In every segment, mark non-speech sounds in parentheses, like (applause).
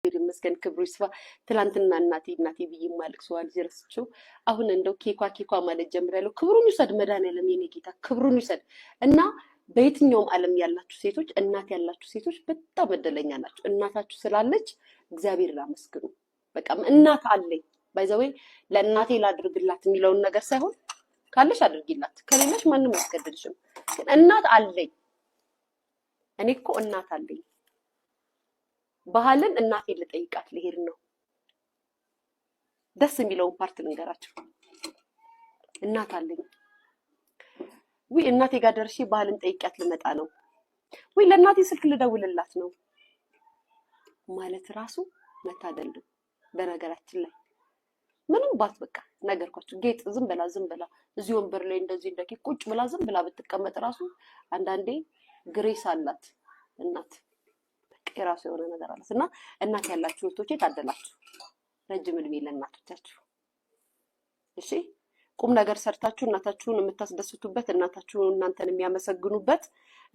እግዚአብሔር ይመስገን ክብሩ ይስፋ። ትላንትና እናቴ እናቴ ብዬ ማልቅሰዋል ረስቸው አሁን እንደው ኬኳ ኬኳ ማለት ጀምሬያለሁ። ክብሩን ይውሰድ መድኃኒዓለም የኔ ጌታ ክብሩን ይውሰድ እና በየትኛውም ዓለም ያላችሁ ሴቶች እናት ያላችሁ ሴቶች በጣም እድለኛ ናቸው። እናታችሁ ስላለች እግዚአብሔር ላመስግኑ። በቃ እናት አለኝ ባይዘወይ ለእናቴ ላድርግላት የሚለውን ነገር ሳይሆን ካለሽ አድርጊላት፣ ከሌለሽ ማንም አያስገድድሽም። ግን እናት አለኝ እኔ እኮ እናት አለኝ ባህልን እናቴን ልጠይቃት ልሄድ ነው። ደስ የሚለውን ፓርት ልንገራቸው። እናት አለኝ ወይ እናቴ ጋር ደርሼ ባህልን ጠይቂያት ልመጣ ነው ወይ ለእናቴ ስልክ ልደውልላት ነው ማለት ራሱ መታደል በነገራችን ላይ ምንም ባት በቃ ነገርኳቸው። ጌጥ ዝም ብላ ዝም ብላ እዚህ ወንበር ላይ እንደዚህ እንደ ቁጭ ብላ ዝም ብላ ብትቀመጥ ራሱ አንዳንዴ ግሬስ አላት እናት የራሱ የሆነ ነገር አለት እና እናት ያላችሁ እህቶቼ ታደላችሁ። ረጅም እድሜ ለእናቶቻችሁ። እሺ ቁም ነገር ሰርታችሁ እናታችሁን የምታስደስቱበት፣ እናታችሁ እናንተን የሚያመሰግኑበት፣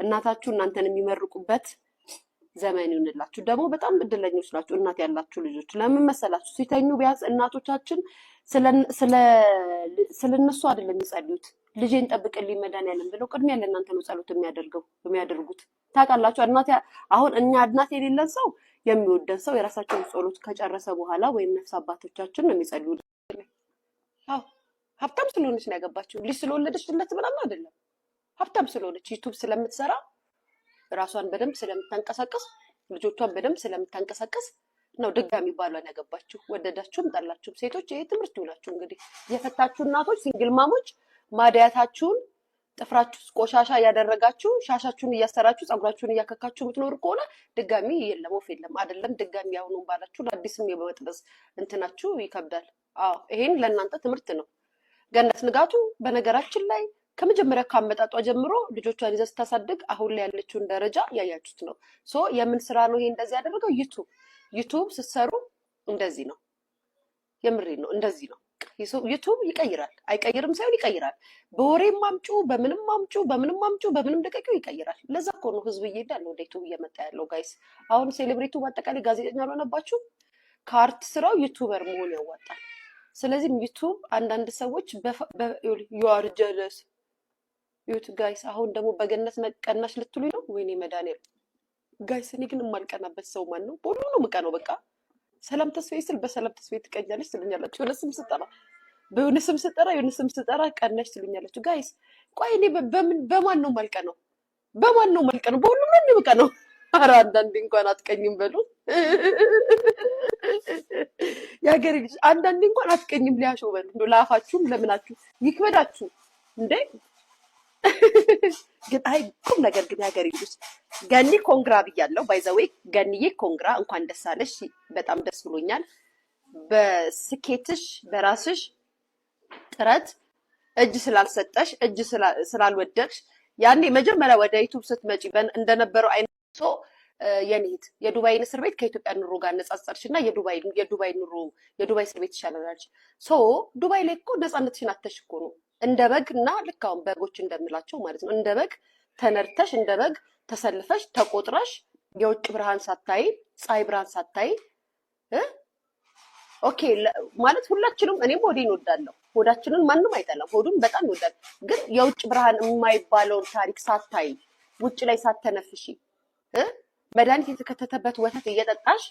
እናታችሁ እናንተን የሚመርቁበት ዘመን ይሁንላችሁ። ደግሞ በጣም እድለኞች ናችሁ እናት ያላችሁ ልጆች። ለምን መሰላችሁ? ሲተኙ ቢያንስ እናቶቻችን ስለነሱ አይደለም የሚጸልዩት ልጄን ጠብቅልኝ መድኃኒዓለም ብለው ቅድሚያ ለእናንተ ነው ጸሎት የሚያደርገው የሚያደርጉት ታውቃላችሁ። አድናት አሁን እኛ አድናት የሌለን ሰው የሚወደን ሰው የራሳቸውን ጸሎት ከጨረሰ በኋላ ወይም ነፍስ አባቶቻችን ነው የሚጸልዩ። ሀብታም ስለሆነች ነው ያገባችው። ልጅ ስለወለደች ድለት ምናምን አይደለም። ሀብታም ስለሆነች ዩቱብ ስለምትሰራ ራሷን በደንብ ስለምታንቀሳቀስ ልጆቿን በደንብ ስለምታንቀሳቀስ ነው ድጋሚ ባሏን ያገባችሁ። ወደዳችሁም ጠላችሁም ሴቶች ይሄ ትምህርት ይውላችሁ። እንግዲህ የፈታችሁ እናቶች ሲንግል ማሞች ማድያታችሁን ጥፍራችሁ ቆሻሻ እያደረጋችሁ ሻሻችሁን እያሰራችሁ ጸጉራችሁን እያከካችሁ የምትኖሩ ከሆነ ድጋሚ የለም ወፍ የለም አይደለም። ድጋሚ አሁኑ ባላችሁ ለአዲስም የመጥበስ እንትናችሁ ይከብዳል። አዎ ይሄን ለእናንተ ትምህርት ነው። ገነት ንጋቱ በነገራችን ላይ ከመጀመሪያ ካመጣጧ ጀምሮ ልጆቿን ይዘ ስታሳድግ አሁን ላይ ያለችውን ደረጃ ያያችሁት ነው። ሶ የምን ስራ ነው ይሄ እንደዚህ ያደረገው? ዩቱብ ዩቱብ ስትሰሩ እንደዚህ ነው። የምሬ ነው። እንደዚህ ነው። ዩቱብ ይቀይራል፣ አይቀይርም ሳይሆን ይቀይራል። በወሬም አምጩ፣ በምንም አምጩ፣ በምንም አምጩ፣ በምንም ደቀቂ ይቀይራል። ለዛ እኮ ህዝብ እየሄዳል ወደ ዩቱብ እየመጣ ያለው ጋይስ። አሁን ሴሌብሬቱ በአጠቃላይ ጋዜጠኛ አልሆነባችሁም? ከአርት ስራው ዩቱበር መሆን ያዋጣል። ስለዚህም ዩቱብ አንዳንድ ሰዎች ዩአር ጀለስ ዩት ጋይስ። አሁን ደግሞ በገነት መቀናሽ ልትሉኝ ነው? ወይኔ መድኃኒዓለም ጋይስ። እኔ ግን የማልቀናበት ሰው ማን ነው? በሁሉ ነው ምቀ ነው በቃ ሰላም ተስፋዬ ስል በሰላም ተስፋዬ ትቀኛለች ትሉኛላችሁ። የሆነ ስም ስጠራ በሆነ ስም ስጠራ የሆነ ስም ስጠራ ቀናች ትሉኛላችሁ። ጋይስ ቆይ እኔ በምን በማን ነው መልቀ ነው በማን ነው መልቀ ነው በሁሉም ነው የሚብቀ ነው። ኧረ አንዳንዴ እንኳን አትቀኝም በሉ የሀገሬ ልጅ አንዳንዴ እንኳን አትቀኝም ሊያሾ በሉ። ላፋችሁም ለምናችሁ ይክበዳችሁ እንዴ ግን አይ ቁም ነገር ግን የሀገሬ ልጆች ገኒ ኮንግራ ብያለው። ባይዘዌ ገኒዬ ኮንግራ እንኳን ደስ አለሽ። በጣም ደስ ብሎኛል በስኬትሽ በራስሽ ጥረት እጅ ስላልሰጠሽ እጅ ስላልወደቅሽ ያኔ መጀመሪያ ወደ ዩቱብ ስትመጪ እንደነበረው አይነት የኔት የዱባይን እስር ቤት ከኢትዮጵያ ኑሮ ጋር ነጻጸርሽ እና የዱባይ ኑሮ የዱባይ እስር ቤት ይሻላል ሶ ዱባይ ላይ እኮ ነጻነትሽን አተሽ እኮ ነው እንደ በግ እና ልክ አሁን በጎች እንደምላቸው ማለት ነው። እንደ በግ ተነድተሽ፣ እንደ በግ ተሰልፈሽ፣ ተቆጥረሽ የውጭ ብርሃን ሳታይ፣ ፀሐይ ብርሃን ሳታይ ኦኬ ማለት ሁላችንም እኔም ሆዴን እወዳለሁ። ሆዳችንን ማንም አይጠላም። ሆዱን በጣም ይወዳል። ግን የውጭ ብርሃን የማይባለውን ታሪክ ሳታይ ውጭ ላይ ሳተነፍሺ መድኃኒት የተከተተበት ወተት እየጠጣሽ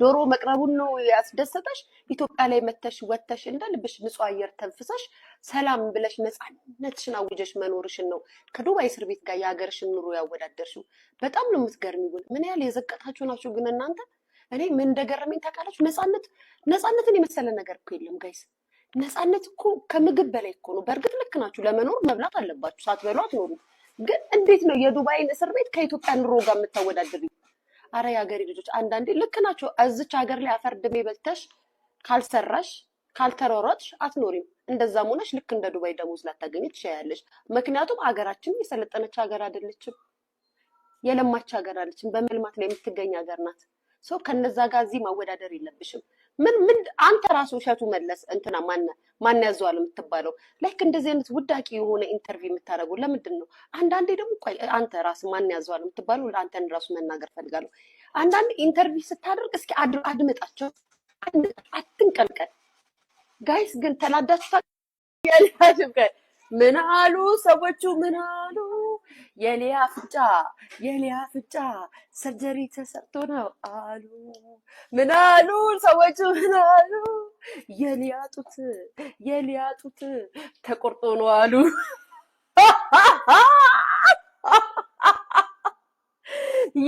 ዶሮ መቅረቡን ነው ያስደሰተሽ? ኢትዮጵያ ላይ መተሽ ወተሽ እንደ ልብሽ ንጹህ አየር ተንፍሰሽ ሰላም ብለሽ ነፃነትሽን አውጀሽ መኖርሽን ነው ከዱባይ እስር ቤት ጋር የሀገርሽን ኑሮ ያወዳደርሽው። በጣም ነው የምትገርሚው። ምን ያህል የዘቀታችሁ ናችሁ ግን እናንተ። እኔ ምን እንደገረመኝ ታውቃላችሁ? ነፃነት ነፃነትን የመሰለ ነገር እኮ የለም ጋይስ። ነፃነት እኮ ከምግብ በላይ እኮ ነው። በእርግጥ ልክ ናችሁ፣ ለመኖር መብላት አለባችሁ፣ ሳትበሉ አትኖሩ። ግን እንዴት ነው የዱባይን እስር ቤት ከኢትዮጵያ ኑሮ ጋር የምታወዳደር? አረ የሀገሬ ልጆች አንዳንዴ ልክ ናቸው። እዚች ሀገር ላይ አፈር ድሜ በልተሽ ካልሰራሽ ካልተሯሯጥሽ አትኖሪም። እንደዛም ሆነሽ ልክ እንደ ዱባይ ደሞዝ ላታገኝ ትችያለሽ። ምክንያቱም ሀገራችን የሰለጠነች ሀገር አይደለችም፣ የለማች ሀገር አለችም፣ በመልማት ላይ የምትገኝ ሀገር ናት። ሰው ከነዛ ጋር እዚህ ማወዳደር የለብሽም። ምን ምን አንተ ራሱ እሸቱ መለስ እንትና ማን ያዘዋል የምትባለው ላይክ እንደዚህ አይነት ውዳቂ የሆነ ኢንተርቪው የምታደርጉ ለምንድን ነው? አንዳንዴ ደግሞ ቆይ አንተ ራስ ማን ያዘዋል የምትባለው አንተን ራሱ መናገር ፈልጋለሁ። አንዳንድ ኢንተርቪው ስታደርግ እስኪ አድምጣቸው፣ አትንቀልቀል። ጋይስ ግን ተናዳችሁ ምን አሉ ሰዎቹ ምን አሉ? የሊያ ፍጫ የሊያ ፍጫ ሰርጀሪ ተሰርቶ ነው አሉ። ምን አሉ ሰዎቹ? ምን አሉ? የሊያ ጡት የሊያ ጡት ተቆርጦ ነው አሉ።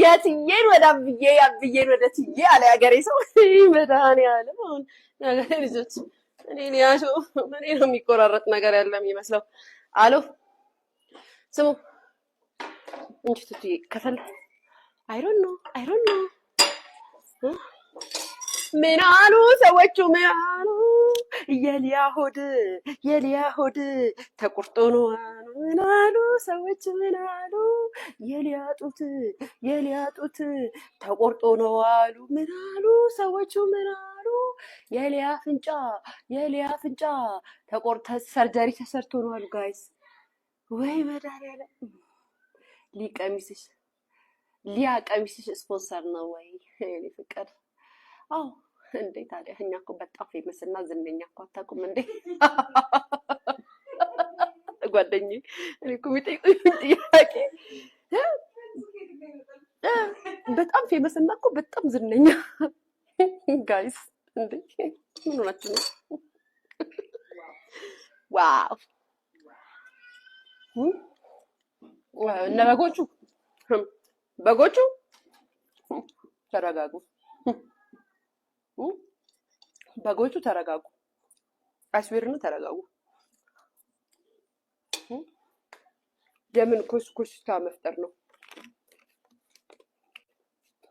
የትዬን ወደ አብዬ አብዬን ወደ ትዬ አለ ያገሬ ሰው። መድኃኒዓለም አሁን ያገሬ ልጆች እኔ ሊያሾ እኔ ነው የሚቆራረጥ ነገር ያለ የሚመስለው። አሉ ስሙ እንጂ ቱቲ ከፈል አይሮን ነው አይሮን ነው። ምን አሉ ሰዎቹ? ምን አሉ? የሊያ ሆድ የሊያ ሆድ ተቆርጦ ነው አሉ። ምን አሉ ሰዎች? ምን አሉ? የሊያ ጡት የሊያ ጡት ተቆርጦ ነው አሉ። ምን አሉ ሰዎቹ? ምን አሉ? የሊያ አፍንጫ የሊያ አፍንጫ ተቆርጦ ሰርጀሪ ተሰርቶ ነው አሉ። ጋይስ ወይ መዳሪያ ላይ ሊቀሚስሽ ሊያቀሚስሽ ስፖንሰር ነው ወይ? የእኔ ፍቅር አዎ። እንዴ ታዲያ እኛ እኮ በጣም ፌመስ እና ዝነኛ እኮ አታውቁም እንዴ ጓደኝ? እኔ እኮ የሚጠይቁኝ ጥያቄ በጣም ፌመስ እና እኮ በጣም ዝነኛ ጋይስ እንዴ ምናችሁ ነው? ዋው ለበጎቹ በጎቹ ተረጋጉ፣ በጎቹ ተረጋጉ፣ አስቤርነ ተረጋጉ። የምን ኮስኮስታ መፍጠር ነው?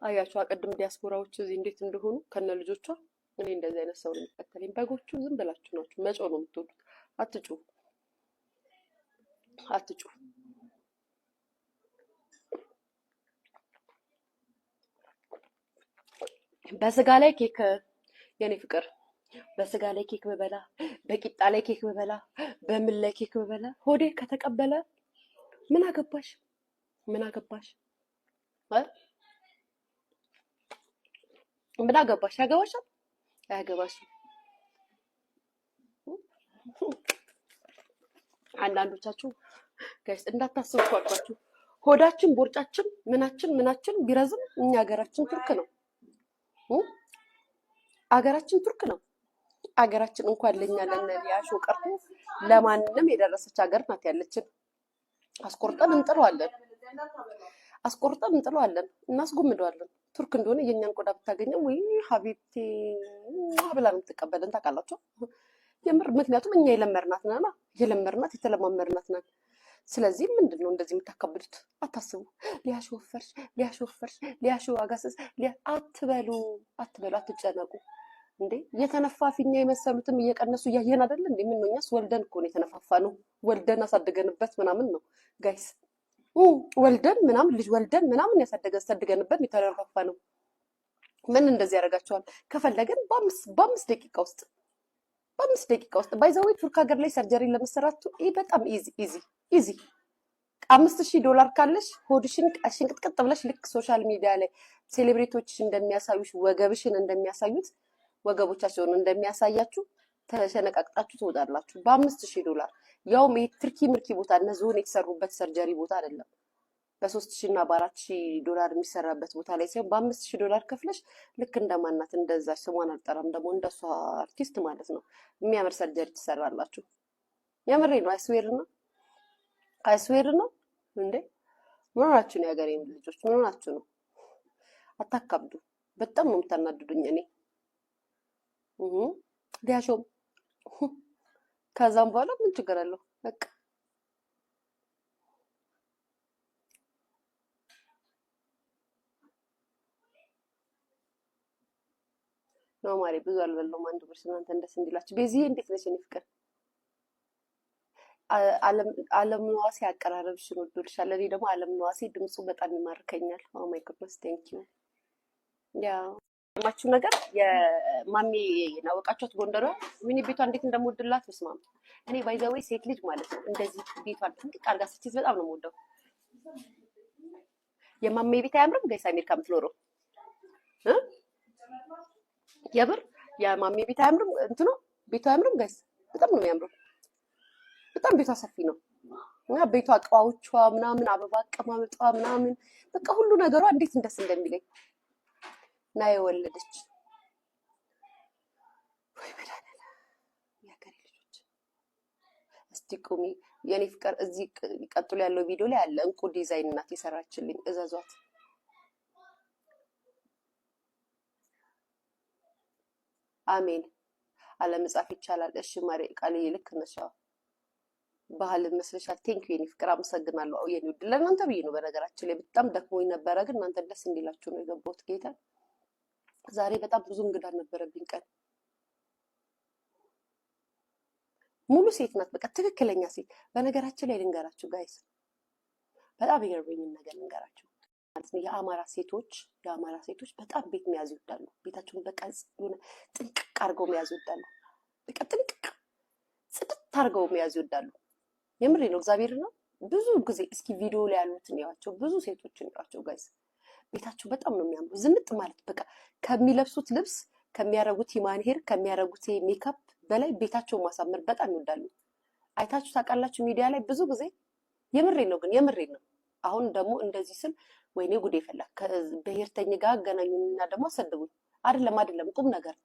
አያቸው አቀድም ዲያስፖራዎች እዚህ እንዴት እንደሆኑ ከነ ልጆቿ። እኔ እንደዚህ አይነት ሰው ነው የሚከተለኝ። በጎቹ ዝም ብላችሁ ናችሁ መጮ ነው የምትወዱት። አትጩ አትጩ በስጋ ላይ ኬክ የኔ ፍቅር በስጋ ላይ ኬክ ብበላ፣ በቂጣ ላይ ኬክ ብበላ፣ በምን ላይ ኬክ ብበላ ሆዴ ከተቀበለ ምን አገባሽ? ምን አገባሽ? ምን አገባሽ? ያገባሻል? አያገባሽም። አንዳንዶቻችሁ ጋሽ እንዳታስቡ ሆዳችን ቦርጫችን ምናችን ምናችን ቢረዝም እኛ ሀገራችን ቱርክ ነው። አገራችን ቱርክ ነው። አገራችን እንኳን ለኛ ለነቢያሾ ቀርቶ ለማንም የደረሰች ሀገር ናት ያለችን። አስቆርጠን እንጥለዋለን፣ አስቆርጠን እንጥለዋለን፣ እናስጎምደዋለን። ቱርክ እንደሆነ የእኛን ቆዳ ብታገኘው ወይ ሀቢብቲ ብላ የምትቀበልን ታውቃላችሁ። የምር ምክንያቱም እኛ የለመርናት ነና የለመርናት የተለማመርናት ናት። ስለዚህ ምንድን ነው እንደዚህ የምታካብዱት? አታስቡ። ሊያሽ ወፈርሽ፣ ሊያሽ ወፈርሽ፣ ሊያሽ አጋሰስ አትበሉ፣ አትበሉ፣ አትጨነቁ። እንዴ የተነፋ ፊኛ የመሰሉትም እየቀነሱ እያየን አደለ? እንዴ? ምን ነው እኛስ ወልደን እኮ ነው የተነፋፋ ነው ወልደን አሳደገንበት ምናምን ነው ጋይስ፣ ወልደን ምናምን ልጅ ወልደን ምናምን ያሳደገ አሳድገንበት የተነፋፋ ነው። ምን እንደዚህ ያደርጋቸዋል? ከፈለገን በአምስት ደቂቃ ውስጥ በአምስት ደቂቃ ውስጥ ባይዘዌ ቱርክ ሀገር ላይ ሰርጀሪ ለመሰራቱ ይህ በጣም ኢዚ ኢዚ ኢዚ አምስት ሺህ ዶላር ካለሽ ሆድሽን ቀሽን ቅጥቅጥ ብለሽ ልክ ሶሻል ሚዲያ ላይ ሴሌብሬቶች እንደሚያሳዩሽ ወገብሽን እንደሚያሳዩት ወገቦቻቸውን እንደሚያሳያችሁ ተሸነቃቅጣችሁ ትወጣላችሁ። በአምስት ሺህ ዶላር ያውም ይህ ትርኪ ምርኪ ቦታ እነ ዞን የተሰሩበት ሰርጀሪ ቦታ አይደለም። በሶስት ሺ እና በአራት ሺ ዶላር የሚሰራበት ቦታ ላይ ሲሆን በአምስት ሺ ዶላር ከፍለሽ ልክ እንደማናት እንደዛች ስሟን አልጠራም ደግሞ እንደሷ አርቲስት ማለት ነው የሚያምር ሰርጀሪ ትሰራላችሁ። የምሬ ነው። አይስዌር ነው አይስዌር ነው እንዴ! ምን ሆናችሁ ነው የሀገሬ ልጆች? ምን ሆናችሁ ነው? አታካብዱ። በጣም ነው የምታናድዱኝ። እኔ ሊያሾም ከዛም በኋላ ምን ችግር አለው በቃ ነው ማሬ፣ ብዙ አልበላሁም። አንድ ብርስ እናንተ እንደስ እንዲላችሁ። በዚህ እንዴት ነሽ የኔ ፍቅር? አለም ነዋሴ አቀራረብሽን ወዶልሻል። እኔ ደግሞ አለም ነዋሴ ድምፁ በጣም ይማርከኛል። ኦ ማይ ጉድነስ ቴንክ ዩ። ያ ማችሁ ነገር የማሜ ናወቃችሁት ጎንደሮ ምን ቤቷ እንዴት እንደምወድላት በስመ እኔ ባይ ዘ ዌይ ሴት ልጅ ማለት ነው እንደዚህ ቤቷን ጥንቅቅ አድርጋ ስትይዝ በጣም ነው የምወደው። የማሜ ቤት አያምርም ጋይስ? አሜሪካ የምትኖረው የብር የማሜ ቤት አያምርም፣ እንትኑ ቤቱ አያምርም። ጋይስ በጣም ነው የሚያምረው። በጣም ቤቷ ሰፊ ነው እና ቤቷ እቃዎቿ ምናምን አበባ አቀማመጧ ምናምን በቃ ሁሉ ነገሯ እንዴት እንደስ እንደሚለኝ እና የወለደች እስቲ ቁሚ የኔ ፍቅር። እዚህ ቀጥሎ ያለው ቪዲዮ ላይ አለ እንቁ ዲዛይን ናት የሰራችልኝ እዘዟት። አሜን። አለመጻፍ ይቻላል። እሺ ማሪ ቃል ይልክ ነሽ። ባህል መስለሻል። ቴንክ ዩ የኔ ፍቅር አመሰግናለሁ። የኔ ውድ ለእናንተ ብዬ ነው። በነገራችን ላይ በጣም ደክሞኝ ነበረ፣ ግን እናንተ ደስ እንዲላችሁ ነው የገባሁት። ጌታ ዛሬ በጣም ብዙ እንግዳ ነበረብኝ። ቀን ሙሉ ሴት ናት፣ በቃ ትክክለኛ ሴት። በነገራችን ላይ ልንገራችሁ ጋይስ፣ በጣም የገረመኝን ነገር ልንገራችሁ ማለት ነው። የአማራ ሴቶች የአማራ ሴቶች በጣም ቤት መያዝ ይወዳሉ። ቤታቸውን በቃ ሆነ ጥንቅቅ አድርገው መያዝ ይወዳሉ። በቃ ጥንቅቅ ጽድት አድርገው መያዝ ይወዳሉ። የምሬ ነው። እግዚአብሔር ነው። ብዙ ጊዜ እስኪ ቪዲዮ ላይ ያሉትን ያቸው፣ ብዙ ሴቶችን ያቸው። ጋይስ ቤታቸው በጣም ነው የሚያምሩ። ዝንጥ ማለት በቃ ከሚለብሱት ልብስ ከሚያረጉት ማንሄር ሄር ከሚያረጉት ሜካፕ በላይ ቤታቸውን ማሳመር በጣም ይወዳሉ። አይታችሁ ታውቃላችሁ ሚዲያ ላይ ብዙ ጊዜ። የምሬ ነው ግን የምሬ ነው። አሁን ደግሞ እንደዚህ ስል ወይኔ ጉዴ ፈላ። ጋ ጋር አገናኙና ደግሞ ሰድቡኝ። አይደለም አይደለም፣ ቁም ነገር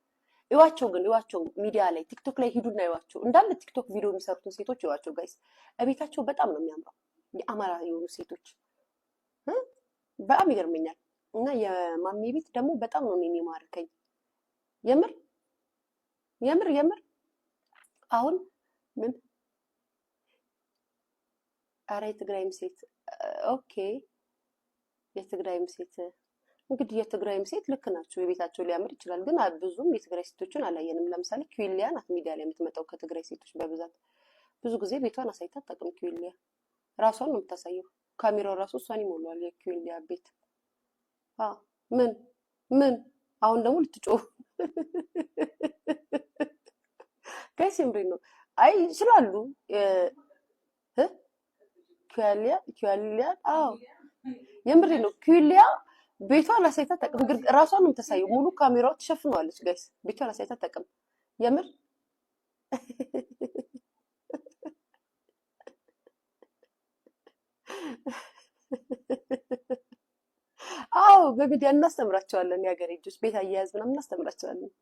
እዋቸው። ግን እዋቸው ሚዲያ ላይ ቲክቶክ ላይ ሂዱና እዋቸው። እንዳለ ቲክቶክ ቪዲዮ የሚሰሩትን ሴቶች እዋቸው ጋይስ። እቤታቸው በጣም ነው የሚያምረው የአማራ የሆኑ ሴቶች በጣም ይገርመኛል። እና የማሜ ቤት ደግሞ በጣም ነው እኔን የምር የምር የምር አሁን ምን ኧረ የትግራይም ሴት ኦኬ የትግራይም ሴት እንግዲህ የትግራይም ሴት ልክ ናቸው። የቤታቸው ሊያምር ይችላል፣ ግን ብዙም የትግራይ ሴቶችን አላየንም። ለምሳሌ ኪዊሊያ ናት ሚዲያ ላይ የምትመጣው ከትግራይ ሴቶች በብዛት ብዙ ጊዜ ቤቷን አሳይታ አታውቅም። ኪዊሊያ ራሷን ነው የምታሳየው። ካሜራው ራሱ እሷን ይሞላዋል። የኪዊሊያ ቤት ምን ምን አሁን ደግሞ ልትጮ ጋይስ የምሬ ነው። አይ ይችላሉ ኪያሊያ ኪያሊያ አዎ የምሬ ነው። ኪሊያ ቤቷ ላሳይታ ጠቅም ራሷን ነው የምታሳየው። ሙሉ ካሜራው ትሸፍነዋለች። ጋይስ ቤቷ ላሳይታ ጠቅም የምር (laughs) አዎ በሚዲያ እናስተምራቸዋለን። የሀገር ልጆች ቤት አያያዝ ምናምን እናስተምራቸዋለን።